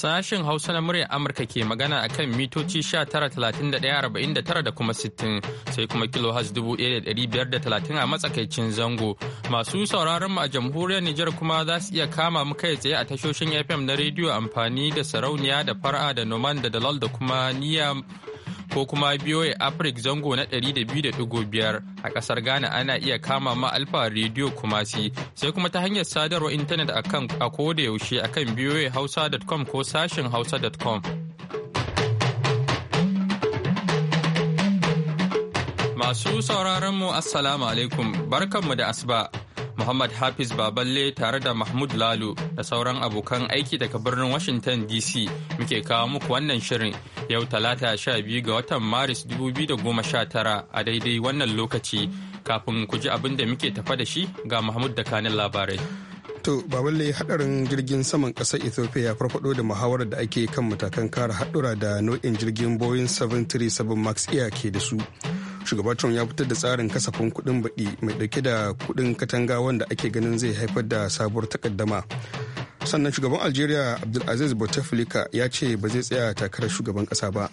Sashen Hausa na muryar Amurka ke magana a kan mitoci 19,31,49 da kuma 60 sai kuma kilohaz 1,530 a matsakaicin zango. Masu sauraron mu a jamhuriyar Nijar kuma za su iya kama mu kai tsaye a tashoshin FM na rediyo amfani da sarauniya da fara da noman da dalal da kuma niya ko kuma BOA Africa zango na ɗari da da biyu biyar a ƙasar Ghana ana iya kama ma Alfa Radio Kumasi sai kuma ta hanyar sadarwar intanet akan a koda yaushe a akan hausa.com ko sashin hausa.com. Masu sauraron mu Assalamu alaikum barkanmu da asuba. Muhammad Hafiz Baballe tare da Mahmud lalu da sauran abokan aiki daga birnin Washington DC muke kawo muku wannan shirin yau talata sha biyu ga watan Maris 2019 a daidai wannan lokaci kafin ku ji abin da muke tafa da shi ga Mahmud da kanin labarai. To Baballe hadarin jirgin saman ƙasar Ethiopia ya farfado da muhawarar da ake kan matakan kare haɗura da nau'in jirgin Boeing 737 Max Air ke da su. shugaba trump ya fitar da tsarin kasafin kudin baɗi mai dauke da kudin katanga wanda ake ganin zai haifar da sabuwar takaddama sannan shugaban algeria abdulaziz bouteflika ya ce ba zai tsaya takarar shugaban ƙasa ba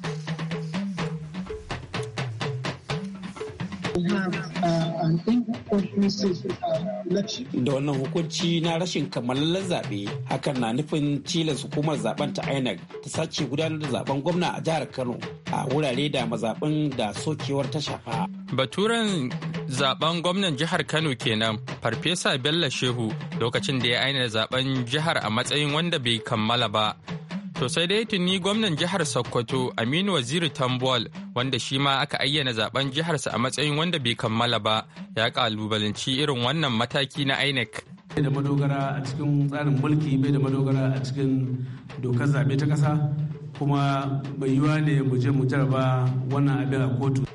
Da wannan hukunci na rashin kammalallen zaɓe hakan na nufin cilas hukumar zaben ta INEC ta sace gudanar da zaben gwamna a jihar Kano a wurare da mazaɓin da sokewar ta shafa. Baturen zaben gwamnan jihar Kano kenan Farfesa Bello Shehu lokacin da ya aina zaben jihar a matsayin wanda bai kammala ba To sai dai tuni gwamnan jihar Sokoto Aminu Waziri Tambol wanda shi ma aka ayyana zaben jiharsa a matsayin wanda bai kammala ba ya kalubalanci irin wannan mataki na INEC. Bai da madogara a cikin tsarin mulki bai da madogara a cikin dokar zaɓe ta ƙasa kuma bai yiwa ne mu je mu jarba wannan abin a kotu.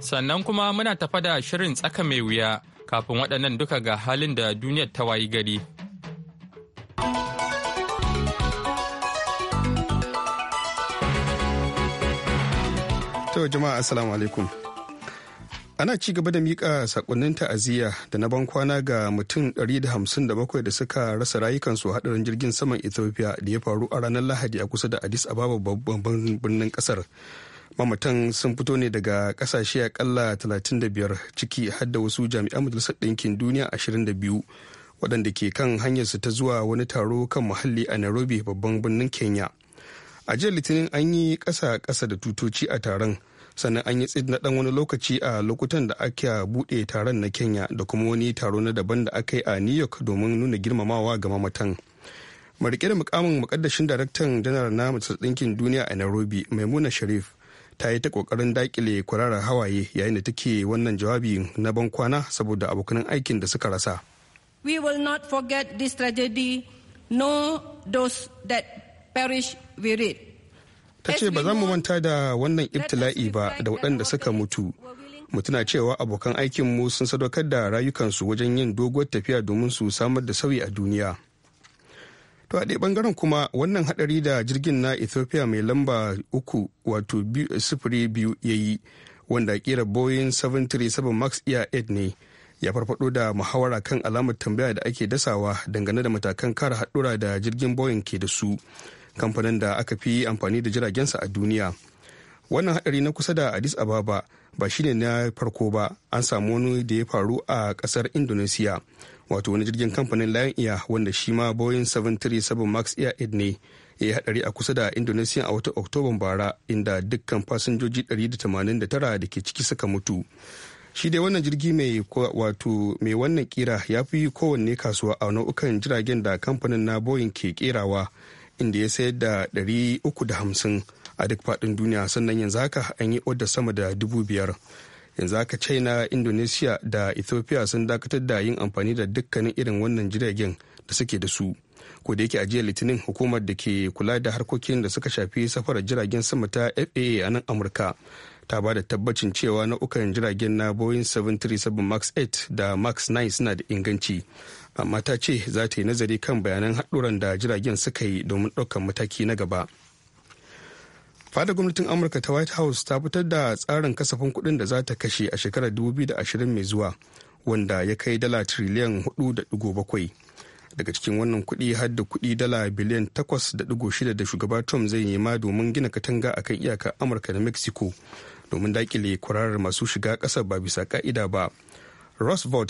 Sannan kuma muna tafa da shirin tsaka mai wuya kafin waɗannan duka ga halin da duniyar ta wayi gari. To jama'a assalamu alaikum. Ana ci gaba da miƙa sakonnin ta'aziyya da na ban kwana ga mutum 157 da suka rasa rayukansu haɗarin jirgin saman Ethiopia da ya faru a ranar Lahadi a kusa da Addis Ababa babban birnin ƙasar. Mamatan sun fito ne daga ƙasashe akalla 35 ciki har da wasu jami'an Majalisar Ɗinkin Duniya 22 waɗanda ke kan hanyarsu ta zuwa wani taro kan muhalli a Nairobi babban birnin Kenya. a jiya litinin an yi ƙasa kasa da tutoci a taron sannan an yi tsid na ɗan wani lokaci a lokutan da aka buɗe taron na kenya da kuma wani taro na daban da aka yi a new york domin nuna girmamawa ga mamatan marike da mukamin mukaddashin daraktan janar na majalisar ɗinkin duniya a nairobi maimuna sharif ta yi ta kokarin dakile kwararar hawaye yayin da take wannan jawabi na ban kwana saboda abokan aikin da suka rasa we will not forget this tragedy no those that perish Ta ce ba za mu manta da wannan ibtila'i ba da waɗanda suka mutu. Mu tuna cewa abokan aikinmu sun sadaukar da rayukansu wajen yin doguwar tafiya domin su samar da sauyi a duniya. To a ɗaya ɓangaren kuma wannan haɗari da jirgin na Ethiopia mai lamba uku wato sifiri biyu ya yi wanda kira Boeing 737 Max Air 8 ne ya farfado da muhawara kan alamar tambaya da ake dasawa dangane da matakan kara haɗura da jirgin Boeing ke da su kamfanin da aka fi amfani da jiragensa a duniya wannan hadari na kusa da addis ababa ba shine na farko ba an samu wani da ya faru a kasar indonesia wato wani jirgin kamfanin lion air wanda shi ma boeing 737 max air 8 ne ya yi hadari a kusa da indonesia a wata oktoban bara inda dukkan fasinjoji 189 da ke ciki suka mutu shi dai wannan jirgi mai wato mai wannan kira ya fi kowanne kasuwa a nau'ukan jiragen da kamfanin na boeing ke kerawa inda ya sayar da 350 a duk faɗin duniya sannan yanzu haka an yi odar sama da 5,000 yanzu haka china indonesia da ethiopia sun dakatar da yin amfani da dukkanin irin wannan jiragen da suke da su ko da yake ajiyar litinin hukumar da ke kula da harkokin da suka shafi safarar jiragen sama ta faa a nan amurka ta ba da tabbacin cewa nau'ukan jiragen na boeing 737 max 8 da max 9 suna da inganci amma ta ce za ta yi nazari kan bayanan haɗuran da jiragen suka yi domin ɗaukar mataki na gaba fada gwamnatin amurka ta white house ta fitar da tsarin kasafin kuɗin da za ta kashe a shekarar 2020 mai zuwa wanda ya kai dala triliyan 4.7 daga cikin wannan kuɗi har da kuɗi dala biliyan 8.6 da shugaba trump zai nema domin gina katanga a akan iyakar amurka da mexico domin dakile kwararar masu shiga kasa ba bisa ka'ida ba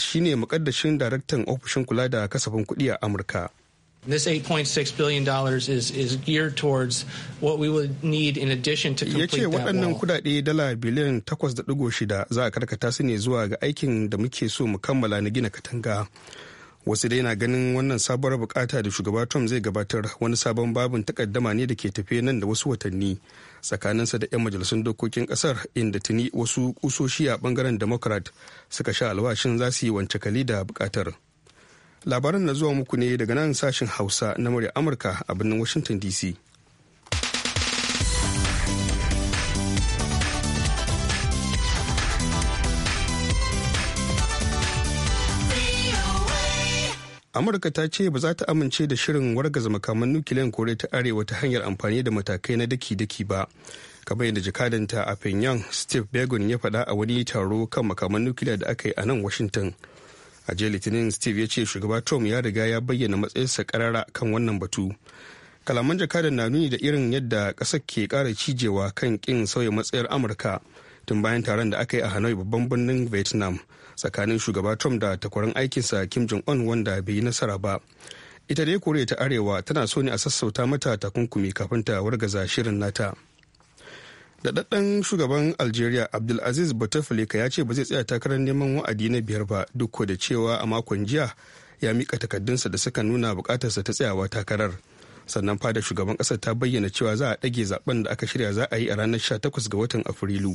shi ne makaddashin daraktan ofishin kula da kasafin kuɗi a amurka This $8.6 billion is, is geared towards what we would need in addition to complete yace waɗannan kudade dala biliyan 8.6 za a karkata su ne zuwa ga aikin da muke so mu kammala na gina katanga. Wasu dai na ganin wannan sabuwar bukata da shugaba Trump zai gabatar wani sabon babin takaddama ne da ke tafe nan da wasu watanni tsakaninsa da 'yan majalisun dokokin kasar inda tuni wasu kusoshi a bangaren democrat suka sha alwashin za su yi wance kali da bukatar labaran na zuwa muku ne daga nan sashen hausa na murya amurka a birnin washington dc amurka ta ce ba za ta amince da shirin wargaza makaman nukiliyan koriya ta arewa ta hanyar amfani da matakai na daki-daki ba kamar yadda jakadanta a pyongyang steve begun ya faɗa a wani taro kan makaman nukiliya da aka yi a nan washington a jiya litinin steve ya ce shugaba trump ya riga ya bayyana matsayinsa karara kan wannan batu kalaman jakadan na nuni da irin yadda ƙasar ke ƙara cijewa kan ƙin sauya matsayar amurka tun bayan taron da aka yi a hanoi babban birnin vietnam tsakanin shugaba trump da takwarar aikinsa kim jong-un wanda bai yi nasara ba ita dai koriya ta arewa tana so ne a sassauta mata takunkumi kafin ta wargaza shirin nata daɗaɗɗen shugaban algeria abdulaziz bouteflika ya ce ba zai tsaya takarar neman wa'adi na biyar ba duk da cewa a makon jiya ya mika takaddunsa da suka nuna bukatarsa ta tsayawa takarar sannan fada shugaban ƙasar ta bayyana cewa za a ɗage zaben da aka shirya za a yi a ranar 18 ga watan afrilu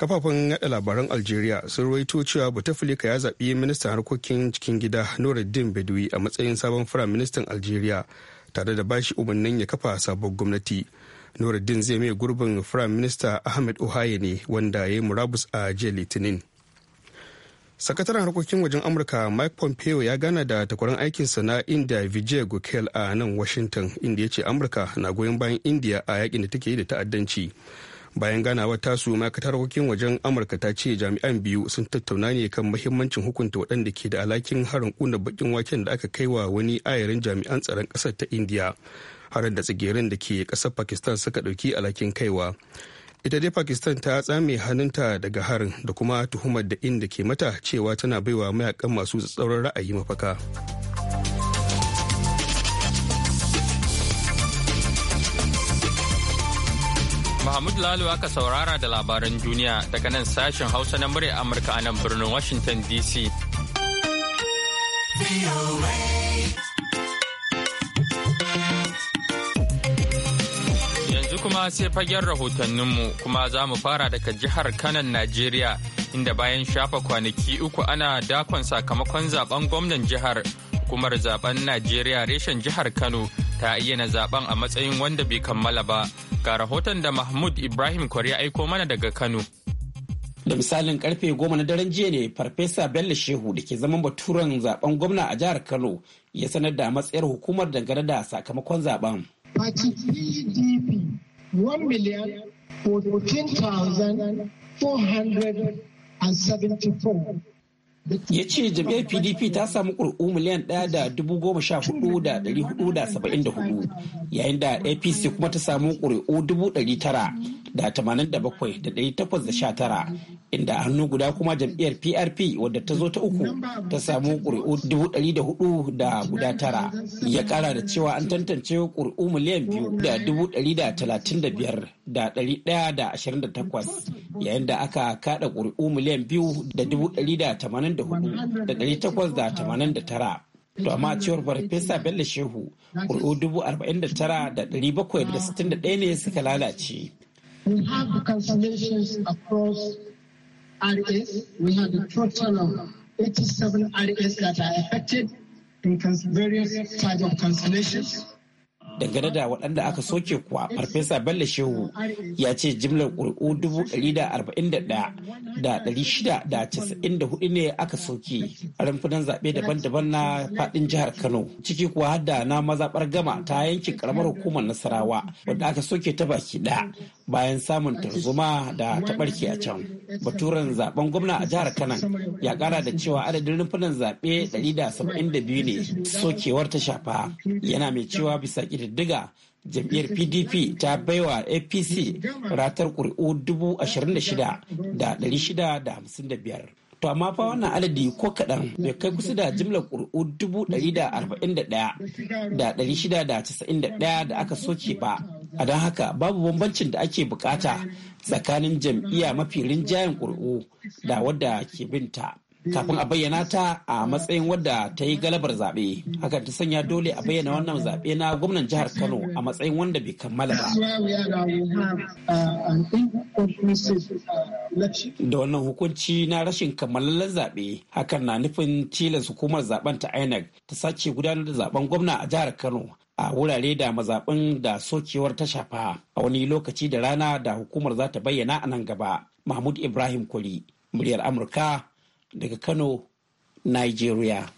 kafafen yada labaran algeria sun ruwaito cewa bouteflika ya zaɓi ministan harkokin cikin gida nuruddin bedoui a matsayin sabon firaministan algeria tare da bashi umarnin ya kafa sabon gwamnati nuruddin zai mai gurbin minista ahmed ohaye ne wanda ya yi murabus a jiya litinin sakataren harkokin wajen amurka mike pompeo ya gana da takwaran aikinsa na india vijay gokel a nan washington inda ya ce amurka na goyon bayan india a yakin da take yi da ta'addanci bayan ganawar tasu ma'aikatar harkokin wajen amurka ta ce jami'an biyu sun tattauna ne kan mahimmancin hukunta waɗanda ke da alhakin harin kuna bakin waken da aka kai wa wani ayarin jami'an tsaron ƙasar ta indiya harin da tsigerin da ke kasar pakistan suka ɗauki alhakin kaiwa ita dai pakistan ta tsame hannunta daga harin da kuma tuhumar da inda ke mata cewa tana baiwa mayakan masu tsatsauran ra'ayi mafaka. Mahmud Lalo aka saurara da labaran duniya daga nan sashen Hausa na murya Amurka a nan birnin Washington DC. Yanzu kuma sai fagen rahotanninmu kuma za mu fara daga jihar Kanan Najeriya inda bayan shafa kwanaki uku ana dakon sakamakon zaben gwamnan jihar hukumar zaben Najeriya reshen jihar Kano ta ayyana zaben a matsayin wanda bai kammala ba ga rahoton da mahmud ibrahim kwari aiko mana daga kano da misalin karfe goma na daren jiya ne farfesa bello shehu da ke zaman baturen zaben gwamna a jihar kano ya sanar da matsayar hukumar dangane da sakamakon zaben miliyan 14,474 ya ce jam'iyyar pdp ta samu ƙuri'u miliyan ɗaya da dubu goma sha hudu da ɗari hudu da saba'in da hudu yayin da apc kuma ta samu ƙuri'u dubu ɗari tara da tara, inda a hannu guda kuma jam'iyyar PRP wadda ta zo ta uku ta samu ƙuri'u dari da guda tara ya ƙara da cewa an tantance ƙuri'u miliyan biyu da dari da da yayin da aka kada ƙuri'u miliyan biyu da dari da tara. To amma cewar Farfesa Bello Shehu, ƙuri'u dubu arba'in da tara da ɗari bakwai da sittin da ɗaya ne suka lalace. We have the cancellations across RAs. We have a total of 87 RAs that are affected in various types of cancellations. dangane da waɗanda aka soke kuwa farfesa bello shehu ya ce jimlar ƙuri'u 141,694 ne aka soke a rumfunan zaɓe daban-daban na faɗin jihar kano ciki kuwa har na mazaɓar gama ta yankin ƙaramar hukumar nasarawa wadda aka soke ta baki ɗaya bayan samun tarzoma da ta a can baturen zaben gwamna a jihar kano ya ƙara da cewa adadin rumfunan zaɓe 172 ne sokewar ta shafa yana mai cewa bisa ƙididdiga jam'iyyar pdp ta baiwa apc ratar ƙuri'u 26,655 to amma fa wannan adadi ko kaɗan bai kai kusa da jimlar ƙuri'u 141,691 da aka soke ba a don haka babu bambancin da ake bukata tsakanin jam'iyya mafi rinjayen ƙuri'u da wadda ke binta kafin a bayyana ta a matsayin wadda ta yi galabar zaɓe hakan ta sanya dole a bayyana wannan zaɓe na gwamnan jihar kano a matsayin wanda bai kammala ba da wannan hukunci na rashin kammalallen zaɓe hakan na nufin tilas hukumar zaɓen ta inec ta sace gudanar da zaben gwamna a jihar kano a wurare da mazaɓin da sokewar ta shafa a wani lokaci da rana da hukumar za ta bayyana a nan gaba mahmud ibrahim kuli muryar amurka daga Kano, Nigeria.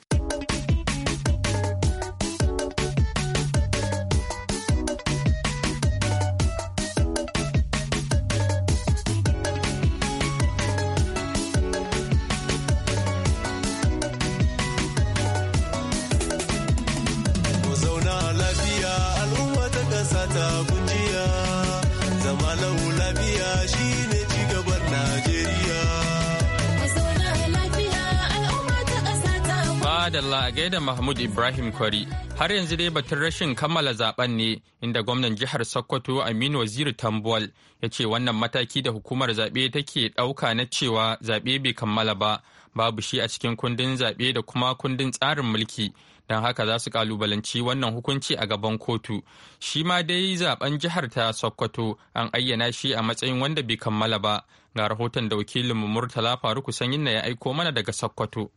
Adalla a gaida Mahmud Ibrahim Kwari. Har yanzu dai batun rashin kammala zaben ne inda gwamnan jihar Sokoto Aminu Waziri Tambuwal ya ce wannan mataki da hukumar zaɓe take ɗauka na cewa zaɓe bai kammala ba babu shi a cikin kundin zaɓe da kuma kundin tsarin mulki don haka za su kalubalanci wannan hukunci a gaban kotu shi ma dai zaben jihar ta sokoto an ayyana shi a matsayin wanda bai kammala ba ga rahoton da wakilin murtala faruku sanyin na ya aiko mana daga sokoto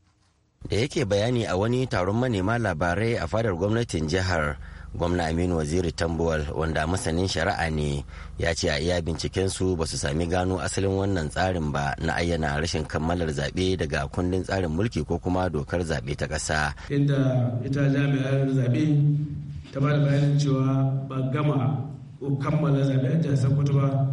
da yake bayani a wani taron manema labarai a fadar gwamnatin jihar gwamna aminu waziri tambuwal wanda masanin shari'a ne ya ce a iya bincikensu ba su sami gano asalin wannan tsarin ba na ayyana rashin kammalar zaɓe daga kundin tsarin mulki ko kuma dokar zaɓe ta ƙasa inda ita jami'ar zaɓe ta ba da bayanin cewa ba gama ko kammala zaɓe a jihar sokoto ba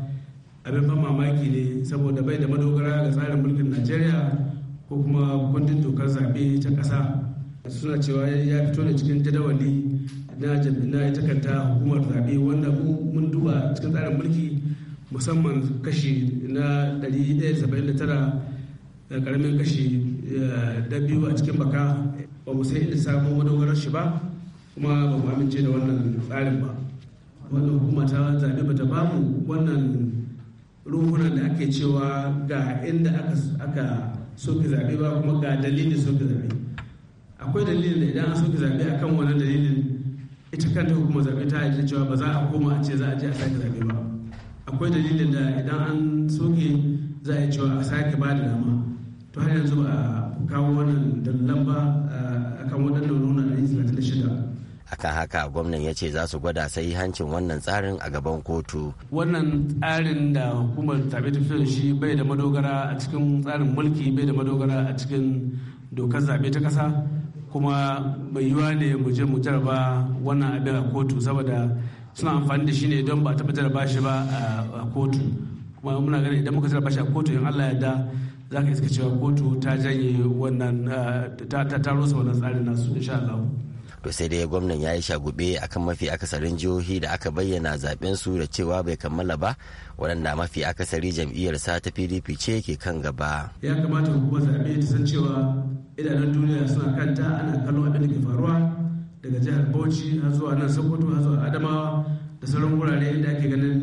abin ban mamaki ne saboda bai da madogara ga tsarin mulkin najeriya ko kuma kundin dokar zaɓe ta ƙasa suna cewa ya fito da cikin jadawali na jami'a ya takarta hukumar zaɓe wanda mun duba cikin tsarin mulki musamman kashi na 179 karamin eh, kashi da eh, biyu a cikin baka ba mu sai inda samu madogarar shi ba kuma ba mu amince da wannan tsarin ba wannan hukuma ta zaɓe ba ta ba mu wannan ruhunan da ake cewa ga inda aka soke zaɓe ba kuma ga dalilin soke zaɓe akwai dalilin da idan an soke zaɓe akan wannan dalilin ita kanta hukuma zaɓe ta yarda cewa ba za a koma a ce za a je a sake zaɓe ba akwai dalilin da idan an soke za a yi cewa a sake ba da dama to har yanzu ba a kawo wannan dalilan ba akan waɗannan nuna 136 akan haka gwamnan ya ce za su gwada sai hancin wannan tsarin a gaban kotu wannan tsarin da hukumar zaɓe ta fito shi bai da madogara a cikin tsarin mulki bai da madogara a cikin dokar zaɓe ta ƙasa kuma mai yiwuwa ne mu je mu jarba wannan abin a kotu saboda suna amfani da shi ne don ba taɓa jarba shi ba a kotu kuma muna ganin idan muka jarba shi a kotu in Allah yarda za ka iska cewa kotu ta janye wannan ta rusa wannan tsarin nasu insha to sai dai gwamnan ya yi shagube akan mafi akasarin jihohi da aka bayyana zaben su da cewa bai kammala ba waɗanda mafi akasari jam'iyyar sa ta pdp ce ke kan gaba ya kamata hukumar zaɓe ta san cewa idanun duniya suna kanta ana kallon abin da ke faruwa daga jihar bauchi har zuwa nan sokoto har zuwa adamawa da sauran wurare inda ake ganin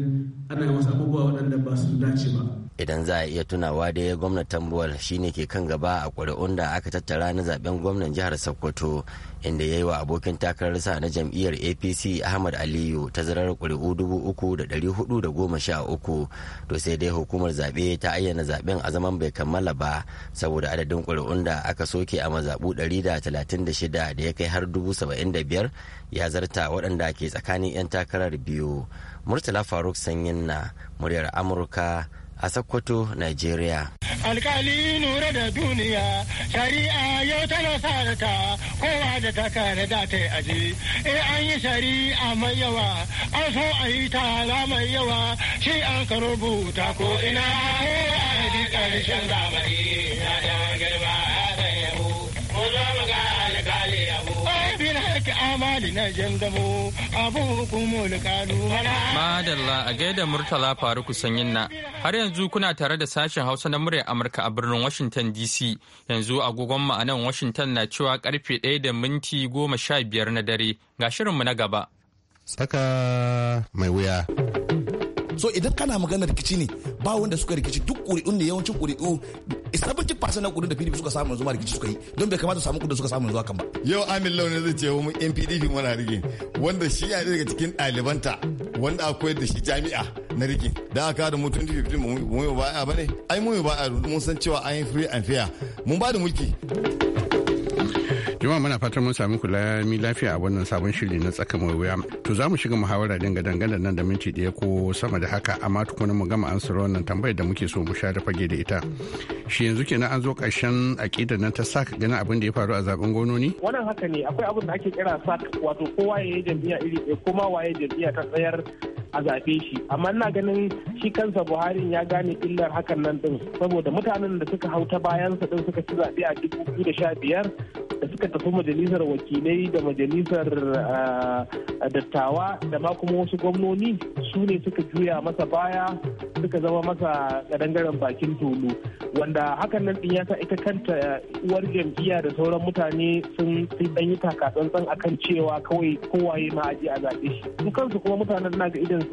ana yi wasu abubuwa waɗanda ba su dace ba idan za a iya tunawa da ya gwamna tambuwar shine ke kan gaba a ƙuri'un da aka tattara na zaben gwamnan jihar sokoto inda ya yi wa abokin takararsa na jam'iyyar apc ahmad aliyu tazarar ƙuri'u dubu uku da ɗari hudu da goma sha uku to sai dai hukumar zaɓe ta ayyana zaɓen a zaman bai kammala ba saboda adadin ƙuri'un da aka soke a mazaɓu ɗari da talatin da shida da ya kai har dubu saba'in da biyar ya zarta waɗanda ke tsakanin 'yan takarar biyu murtala faruk sanyin na muryar amurka a Sokoto, Nigeria. Alkali nura da duniya, shari'a yau tana ta kowa da ta kare da ta aji. E an yi shari'a mai yawa, an so a yi tara mai yawa, shi an ka rubuta ko ina ko eh, a yi ƙarshen zamani na da girma. madalla a gaida murtala faruku sanyin na har yanzu kuna tare da sashen hausa na muryar amurka a birnin washington dc yanzu agogon mu a nan washington na cewa karfe 1 da minti goma sha biyar na dare ga shirinmu na gaba tsaka mai wuya so idan kana magana rikici ne ba wanda suka rikici duk kuri'un ne yawancin ƙuri'u 70% na ƙuri'un da PDP suka samu yanzu ma rikici suka yi don bai kamata samu kudin suka samu zuwa kan ba yau Amin launin zai ce mu yan PDP mana rige wanda shi ya daga cikin ɗalibanta wanda akwai da shi jami'a na rige da aka da mutum 2015 mu yi a bane ai mu yi baya mun san cewa an yi free and fair mun ba da mulki Juma mana fatan mun sami kula mi lafiya a wannan sabon shiri na tsaka mai wuya. To za mu shiga muhawara dinga dangane nan da minti ɗaya ko sama da haka amma tukuna mu gama an ansar wannan tambayar da muke so mu sha da fage da ita. Shi yanzu kenan an zo ƙarshen aƙidar nan ta sak gani abin da ya faru a zaben gononi? Wannan haka ne akwai abin da ake kira sak wato kowa ya yi iri ɗaya kuma waye jam'iyya ta tsayar a zaɓe shi amma ina ganin shi kansa buhari ya gane illar hakan nan din saboda mutanen da suka hau ta bayansa din suka ci zaɓe a dubu biyu da sha biyar da suka tafi majalisar wakilai da majalisar ah, dattawa da ma kuma wasu gwamnoni su ne suka juya masa baya suka zama masa kadangaren bakin tulu wanda hakan nan din ya sa ita kanta uwar jam'iyya da sauran mutane sun dan yi takatsantsan akan cewa kawai kowaye ma aji a zaɓe shi su kansu kuma mutanen na ga idan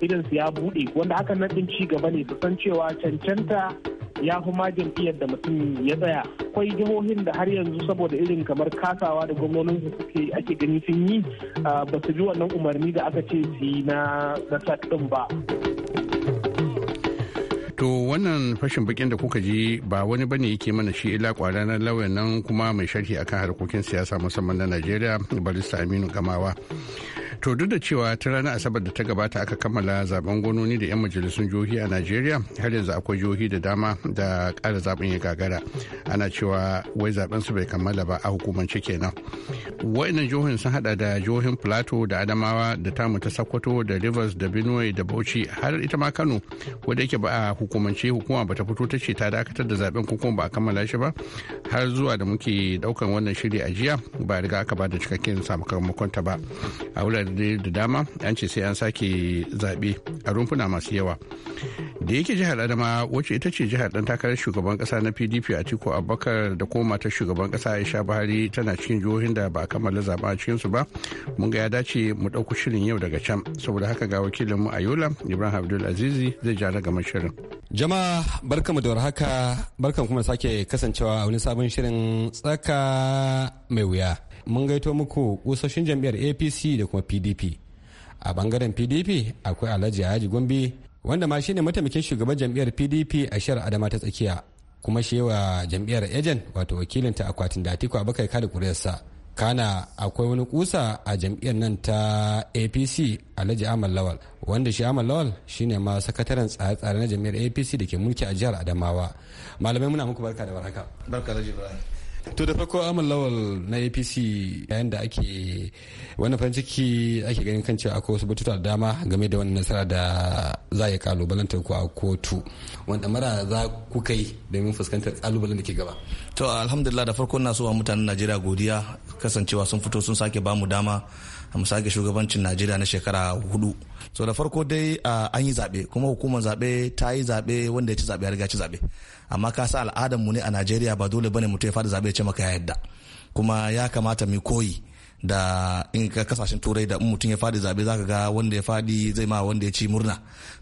idan su ya buɗe wanda hakan nan din ci gaba ne su san cewa cancanta ya fi ma jam'iyyar da mutum ya tsaya akwai jihohin da har yanzu saboda irin kamar kasawa da gwamnonin su suke ake gani sun yi ba su ji wannan umarni da aka ce su yi na na ɗin ba to wannan fashin bakin da kuka ji ba wani bane yake mana shi ila na lauyan nan kuma mai sharhi akan harkokin siyasa musamman na najeriya barista aminu gamawa to duk da cewa ta ranar asabar da ta gabata aka kammala zaben gononi da 'yan majalisun jihohi a najeriya har yanzu akwai jihohi da dama da ƙara zaben ya gagara ana cewa wai zaben su bai kammala ba a hukumance kenan wa'inan jihohin sun hada da jihohin plateau da adamawa da tamu ta sokoto da rivers da benue da bauchi har ita ma kano wadda yake ba a hukumance hukuma ba ta fito ta ce ta dakatar da zaben ko kuma ba a kammala shi ba har zuwa da muke daukan wannan shiri a jiya ba riga aka ba da cikakken sakamakon ta ba a wuraren wurare da dama an ce sai an sake zaɓe a rumfuna masu yawa da yake jihar adama wacce ita ce jihar ɗan takarar shugaban ƙasa na pdp a tiko abubakar da kuma matar shugaban ƙasa aisha buhari tana cikin jihohin da ba a kammala zaɓen a cikinsu ba mun ga ya dace mu ɗauko shirin yau daga can saboda haka ga wakilin a yola ibrahim abdul azizi zai ja ragamar shirin jama'a barkamu da warhaka barkan kuma sake kasancewa a wani sabon shirin tsaka mai wuya mun gaito muku kusoshin jam'iyyar apc da kuma pdp a bangaren pdp akwai alhaji haji gombe wanda ma shine mataimakin shugaban jam'iyyar pdp a shiyar adama ta tsakiya kuma shi wa jam'iyyar ejen wato wakilinta akwatin da atiku abakai kada kuriyarsa kana akwai wani kusa a jam'iyyar nan ta apc alhaji amal lawal wanda shi amal lawal shine ma sakataren tsare-tsare na jam'iyyar apc da ke mulki a jihar adamawa malamai muna muku barka da warhaka barka da ibrahim to da farko amal lawal na apc yayin da ake wani farin ciki ake ganin kan cewa akwai wasu batuta da dama game da wani nasara da za ya kalubalantar ku a kotu wanda mara za ku kai domin fuskantar kalubalen da ke gaba to alhamdulillah da farko na so wa mutanen najeriya godiya kasancewa sun fito sun sake bamu dama a sake shugabancin najeriya na shekara hudu so da farko dai an yi zaɓe kuma hukumar zaɓe ta yi zaɓe wanda ya ci zaɓe ya riga ci zaɓe amma ka sa al'adar mu ne a najeriya ba dole bane mutum ya faɗi zaɓe ya ce maka ya yadda kuma ya kamata mu koyi da in ka kasashen turai da mutum ya fadi zabe zaka ga wanda ya fadi zai ma wanda ya ci murna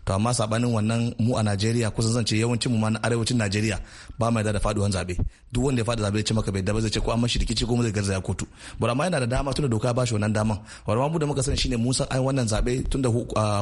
to amma sabanin wannan mu a Najeriya kusan zan ce yawancin mu ma na arewacin Najeriya ba mai da faduwan zabe duk wanda ya fadi zabe ya ci maka bai da zai ce ko an mashi rikici ko zai garzaya kotu bura amma yana da dama tunda doka ba shi wannan daman warma mu da muka sani shine mu san ai wannan zabe tunda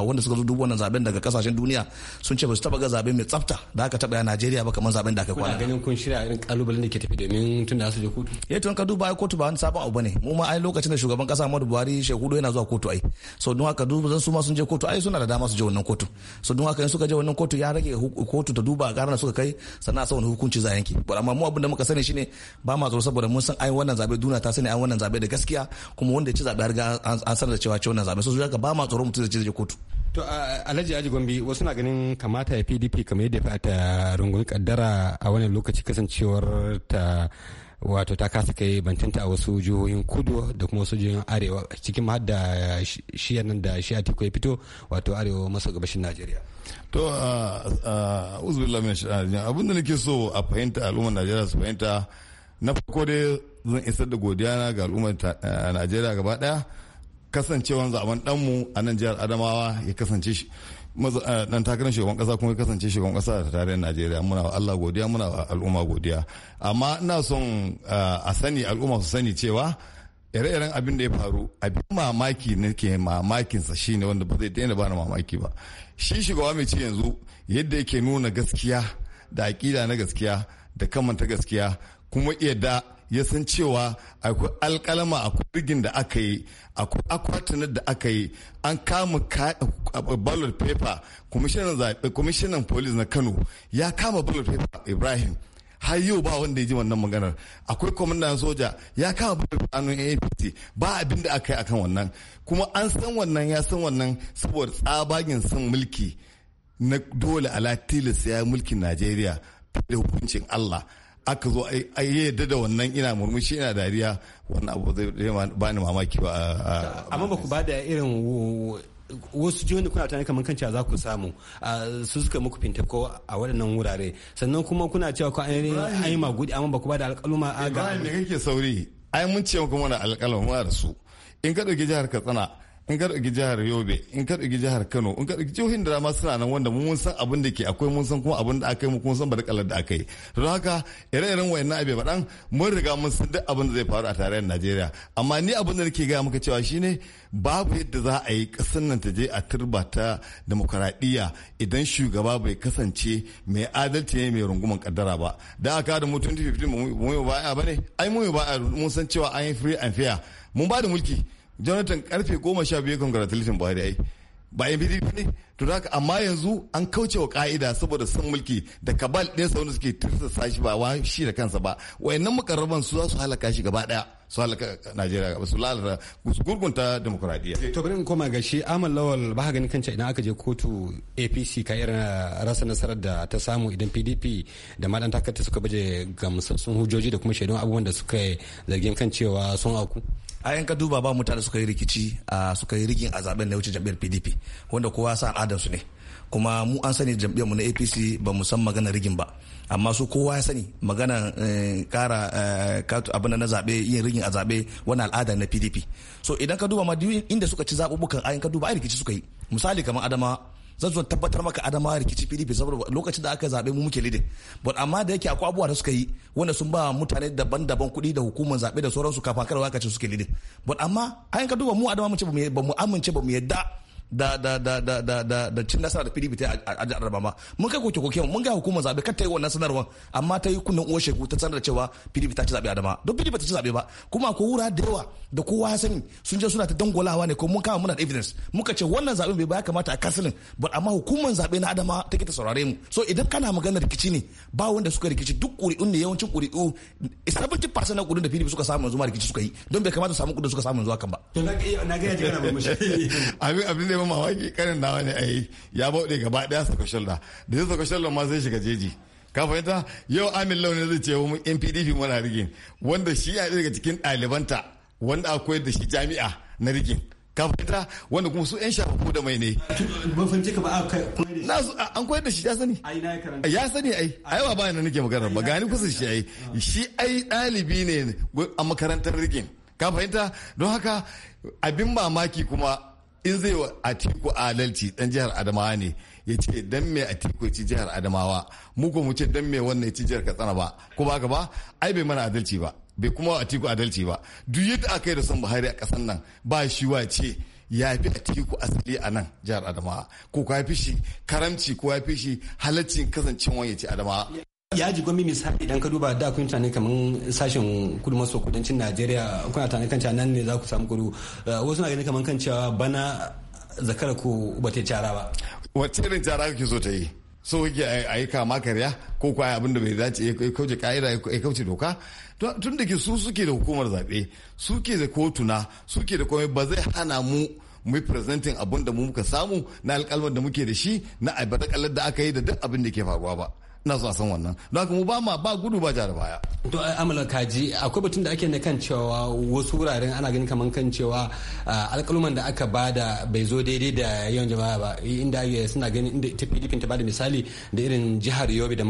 wanda suka zo dubu wannan zaben daga kasashen duniya sun ce ba su taba ga zabe mai tsafta da aka taba a Najeriya ba kamar zaben da aka kwana ganin kun shirya irin kalubalen da ke tafi domin tunda su je kotu eh to ka duba ai kotu ba wani sabon abu bane mu ma ai lokacin lokacin da shugaban kasa Muhammadu Buhari shehudo yana zuwa kotu ai so don haka duk zan su ma sun je kotu ai suna da dama su je wannan kotu so don haka in suka je wannan kotu ya rage kotu ta duba karar suka kai sannan a sa wani hukunci za yanke ba amma mu abin da muka sani shine ba ma tsoro saboda mun san ai wannan zabe duna ta sani ai wannan zabe da gaskiya kuma wanda ya ci zabe har ga an sanar da cewa ce wannan zabe so ka ba ma tsoro mutum zai je kotu To Alhaji Aji Gombe wasu na ganin kamata ya PDP kamar yadda ta rungumi kaddara a wannan lokaci kasancewar ta wato ta kasa kai bantanta a wasu jihohin kudu da kuma wasu jihohin arewa cikin har da shiya nan da shiya teku ya fito wato arewa maso gabashin najeriya to uzbillah min abin da nake so a fahimta al'ummar najeriya su fahimta na farko dai zan isar da godiya na ga al'ummar najeriya gaba daya kasancewan zaben danmu a nan jihar adamawa ya kasance Eh, dan takarar shugaban kasa kuma kasance shugaban kasa da tarihin najeriya muna wa allah godiya muna wa al'umma godiya amma ina son eh, a sani al'umma su sani cewa ire-iren abin da ya faru abin mamaki na ke mamakinsa shi ne wanda ba zai daina bani mamaki ba shi shugaba mai ci yanzu yadda yake nuna gaskiya da aƙida na gaskiya da kamanta gaskiya kuma iya da ya san cewa akwai alkalama akwai rigin da aka yi akwai akwatunan da aka yi an kama ballot paper commissioner police na kano ya kama ballot paper ibrahim har yau ba wanda ya ji wannan maganar akwai kwamandan soja ya kama ballot hannun apc ba abin da aka yi akan wannan kuma an san wannan ya san wannan saboda tsabagen san mulki na dole ala tilas ya mulkin najeriya da hukuncin allah aka zo a yadda da wannan ina murmushi ina dariya wannan abu zai ba ni mamaki ba amma ba ku ba da irin wasu jihohi kuna tunanin kamar kan cewa za ku samu su suka muku fintako a waɗannan wurare sannan kuma kuna cewa ko an yi magudi amma ba ku ba da alƙaluma a ga ne kake sauri ai mun ce muku mana alƙaluma da su in ka ɗauki jihar katsina in ka ɗauki jihar yobe in ka ɗauki jihar kano in ka ɗauki jihohin da dama suna nan wanda mun san abin da ke akwai mun san kuma abin da aka yi mu kuma san barkalar da aka yi don haka ire-iren na abe baɗan mun riga mun san duk abin da zai faru a tarayyar najeriya amma ni abin da nake gaya maka cewa shine babu yadda za a yi ƙasar nan ta je a turba ta demokaraɗiyya idan shugaba bai kasance mai adalci ne mai runguman kaddara ba da aka da mutum 2015 mu yi baya ba ne ai mu yi baya mun san cewa an yi free and fair mun ba da mulki jonathan karfe goma sha biyu congratulation buhari ai ba pdp ne to haka amma yanzu an kauce wa ka'ida saboda sun mulki da kabal ɗin sauna suke tirsasa shi ba wa shi da kansa ba wayannan mukarraban su za su halaka shi gaba daya su halaka najeriya gaba su lalata gurgunta demokuraɗiyya. to bari in koma ga shi amal lawal ba gani kanci idan aka je kotu apc ka irin rasa nasarar da ta samu idan pdp da madan takarta suka baje gamsassun hujjoji da kuma shaidun abubuwan da suka zargin kan cewa sun auku. a yan ka duba ba mutane suka yi rikici a suka yi rigin a zaben na wuce jam'iyyar pdp wanda kowa sa su ne kuma mu an sani jam'iyyar mu na apc ba mu san magana rigin ba amma su kowa ya sani magana kara eh, eh, abin na zabe yin rigin a zabe wani al'ada na pdp so idan ka duba ma inda suka ci zaɓuɓɓukan yan ka duba ai rikici suka yi misali kamar adama zan zo tabbatar maka adama rikici pdp saboda lokacin da aka zaɓe mu muke lidin but amma da yake akwai abubuwa da suka yi wanda sun ba mutane daban-daban kuɗi da hukumar zaɓe da sauransu kafin kada aka ce suke lidin but amma ayin ka duba mu adama mu ce ba mu amince ba mu yadda da da da da da da da cin nasara da PDP ta a jihar Adamawa mun kai koke koke mun ga hukumar zabe kar ta yi wannan sanarwar amma ta yi kunnen uwar shegu ta sanar da cewa PDP ta ci zabe Adama don PDP ta ci zabe ba kuma ko wura da yawa da kowa ya sani sun je suna ta dangwalawa ne ko mun kama muna da evidence muka ce wannan zaben bai ba ya kamata a kasilin but amma hukumar zabe na Adamawa take ta saurare mu so idan kana magana rikici ne ba wanda suka rikici duk kuri'un ne yawancin kuri'u 70 arsenal kudin da pdp suka samu yanzu ma rikici suka yi don bai kamata su samu kudin suka samu yanzu hakan ba na ga yaji kana murmushi abin abin da ya ki karin nawa ne ai ya bauɗe gaba daya saka shoulder da zai saka shoulder ma sai shiga jeji ka fahimta yau amin launin zai ce mu yan pdp muna rigin wanda shi ya daga cikin ɗalibanta wanda akwai da shi jami'a na rigin ka fahimta wanda kuma su 'yan shafafu da mai ne. Ban ka ba a An koyar da shi ya sani. Ai na karanta. Ya sani ai. Ai ba ba nake magana ba gani kusa shi ai. Shi ai ɗalibi ne a makarantar rikin. Ka fahimta don haka abin mamaki kuma in zai wa Atiku adalci dan jihar Adamawa ne ya ce dan me Atiku ci jihar Adamawa mu ko mu ce dan me wannan ci jihar Katsina ba ko ba ka ba ai bai mana adalci ba. bai kuma a tiku adalci ba duk yadda aka yi da son buhari a kasan nan ba shi ce ya fi a tiku asali a nan jihar adamawa ko ka fi shi karamci ko ya fi shi halaccin kasancewa ya ce adamawa ya ji gwamnati misali idan ka duba da kun tunani kaman sashen kudu maso kudancin najeriya kuna tunani kan nan ne za ku samu kudu uh, wasu na ganin kaman kan cewa bana zakara ku ba ta cara ba wacce irin cara kake so ta yi so kake a yi kama karya ko kwa abin da bai dace ya kauce ka'ida ya kauce doka tun da ke su suke da hukumar zaɓe suke da kotuna suke da komai ba zai hana mu mu presenting abin da mu muka samu na alƙalmar da muke da shi na albata da aka yi da duk abin da ke faruwa ba na so a san wannan don haka mu ba ma ba gudu ba jar baya to amala kaji akwai batun da ake ne kan cewa wasu wuraren ana ganin kaman kan cewa alƙaluman da aka bada bai zo daidai da yawan jama'a ba inda suna ganin inda ita PDP ta bada misali da irin jihar Yobe da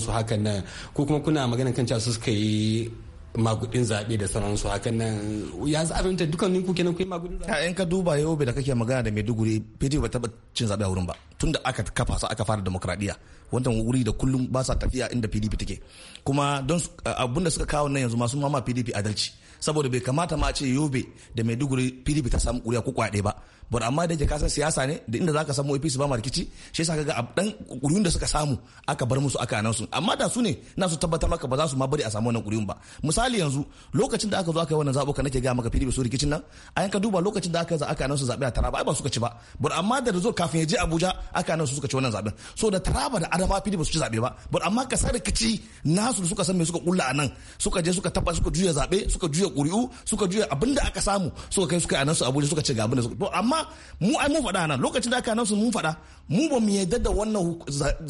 su hakan nan ko kuma kuna magana kan cewa su suka yi magudin zaɓe da sauransu hakan nan ya zaɓe ta dukkanin ku kenan ku yi magudin zaɓe. in ka duba yau da kake magana da maiduguri pdp ba taɓa cin zaɓe a wurin ba tun da aka kafa su aka fara demokradiyya wannan wuri da kullum ba sa tafiya inda pdp take kuma don abun da suka kawo nan yanzu masu mama pdp adalci saboda bai kamata ma a ce yobe da maiduguri pdp ta samu kuriya ko kwaɗe ba but amma da yake ka san siyasa ne da inda zaka samu APC ba ma rikici shi yasa kaga dan kuriyun da suka samu aka bar musu aka nan su amma da su ne na su tabbatar maka ba za su ma bari a samu wannan kuriyun ba misali yanzu lokacin da aka zo aka yi wannan ka nake ga maka PDP su rikicin nan a yanka duba lokacin da aka za aka nan su zabe a Taraba ai ba suka ci ba but amma da zo kafin ya je Abuja aka nan su suka ci wannan zaben so da Taraba da Adama PDP su ci zabe ba but amma kasar rikici nasu suka san me suka kulla a nan suka je suka tabbata suka juya zabe suka juya kuriyu suka juya abinda aka samu suka kai suka a nan su Abuja suka ci ga abinda suka amma mu ai mun faɗa nan lokacin da aka nan mun faɗa mu ba mu yarda da wannan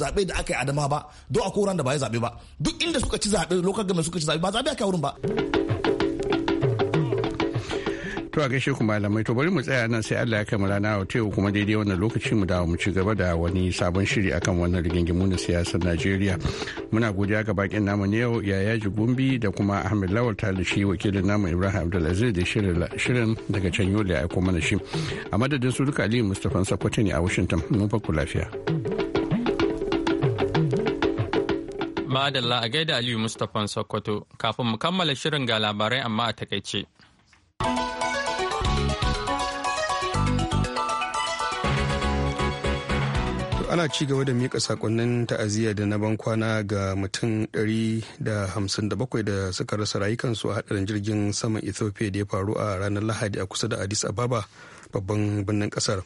zaɓe da aka yi adama ba don a koran da ba ya zaɓe ba duk inda suka ci zaɓe lokacin da suka ci zaɓe ba zaɓe aka wurin ba. To a gaishe ku malamai to bari mu tsaya nan sai Allah ya kai rana a teku kuma daidai wannan lokaci mu dawo mu ci gaba da wani sabon shiri akan wannan rigingimu na siyasar Najeriya. Muna godiya ga bakin namu ne yau Yaya Jigumbi da kuma Ahmed Lawal Talishi wakilin namu Ibrahim Abdulaziz da shirin daga can Yole ya aiko mana shi. A madadin su duka Aliyu Mustapha Sakwati ne a Washington mun ku lafiya. Madalla a gaida Aliyu Mustapha Sokoto kafin mu kammala shirin ga labarai amma a takaice. ana ci gaba da mika sakonnin ta'aziyya da na ban kwana ga mutum 157 da suka rasa rayukansu a hadarin jirgin saman ethiopia da ya faru a ranar lahadi a kusa da addis ababa babban birnin kasar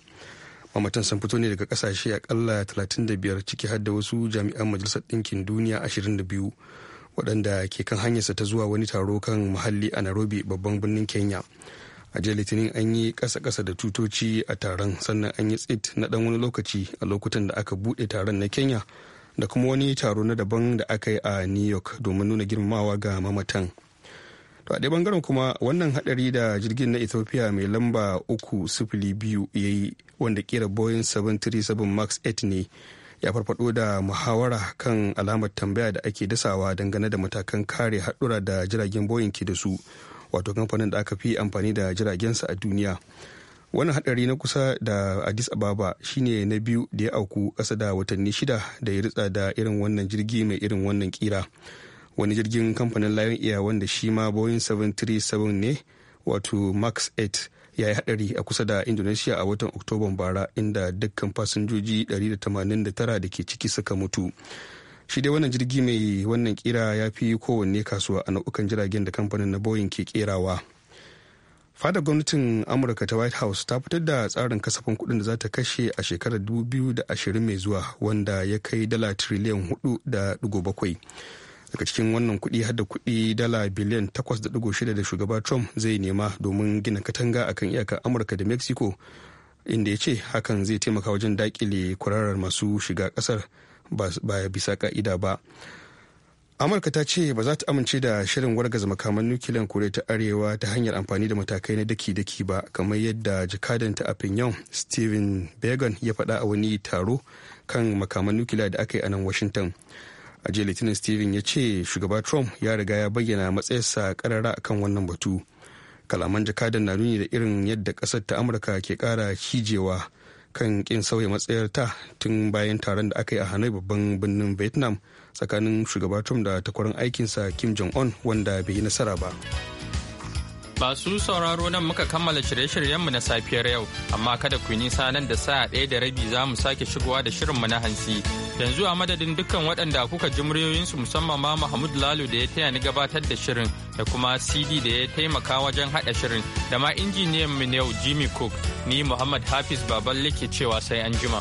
mamatan sun fito ne daga kasashe akalla 35 ciki har da wasu jami'an majalisar ɗinkin duniya 22 waɗanda ke kan hanyarsa ta zuwa wani taro kan muhalli a nairobi babban birnin kenya a jiya litinin an yi kasa kasa da tutoci a taron sannan an yi tsit na ɗan wani lokaci a lokutan da aka bude taron na kenya da kuma wani taro na daban da aka yi a new york domin nuna girmamawa ga mamatan to a ɗaya bangaren kuma wannan hadari da jirgin na ethiopia mai lamba uku sifili biyu ya yi wanda kera boeing 737 max 8 ne ya farfado da muhawara kan alamar tambaya da ake dasawa dangane da matakan kare haɗura da jiragen boeing ke da su wato kamfanin da aka fi amfani da jiragensa a duniya wannan hadari na kusa da addis ababa shine na biyu da ya auku kasa da watanni shida da ya ritsa da irin wannan jirgi mai irin wannan kira wani jirgin kamfanin lion air wanda shi ma boeing 737 ne wato max 8 ya yi hadari a kusa da indonesia a watan oktoban bara inda dukkan fasinjoji 189 da ke ciki suka mutu shi dai wannan jirgi mai wannan kira ya fi kowanne kasuwa a nau'ukan jiragen da kamfanin na boeing ke kerawa fada gwamnatin amurka ta white house ta fitar da tsarin kasafin kudin da za ta kashe a shekarar 2020 mai zuwa wanda ya kai dala triliyan 4.7 daga cikin wannan kudi har da kudi dala biliyan 8.6 da shugaba trump zai nema domin gina katanga akan iyakar amurka da mexico inda ya ce hakan zai taimaka wajen dakile kwararar masu shiga kasar ba bisa ka'ida ba amurka ta ce ba za ta amince da shirin wargaza makaman nukiliyar koriya ta arewa ta hanyar amfani da matakai na daki-daki ba kamar yadda jakadanta a pinyon steven began ya faɗa a wani taro kan makaman nukiliya da aka yi a nan washington a jiya litinin steven ya ce shugaba trump ya riga ya bayyana matsayarsa karara akan wannan batu kalaman jakadan na nuni da irin yadda kasar ta amurka ke kara cijewa kan kin sauya matsayarta tun bayan taron da aka yi a hanoi babban birnin vietnam tsakanin shugaba trump da takwarar aikinsa kim jong-un wanda bai yi nasara ba masu sauraro nan muka kammala shirye-shiryenmu na safiyar yau amma kada ku nisa nan da sa ɗaya da rabi za mu sake shigowa da shirinmu na hansi Yanzu a madadin dukkan waɗanda kuka ji muryoyinsu musamman ma Mahmud lalu da ya taya ni gabatar da shirin da kuma CD da ya taimaka wajen haɗa shirin da ma injiniyan mu Jimmy Cook ni Muhammad Hafiz Baballe ke cewa sai an jima.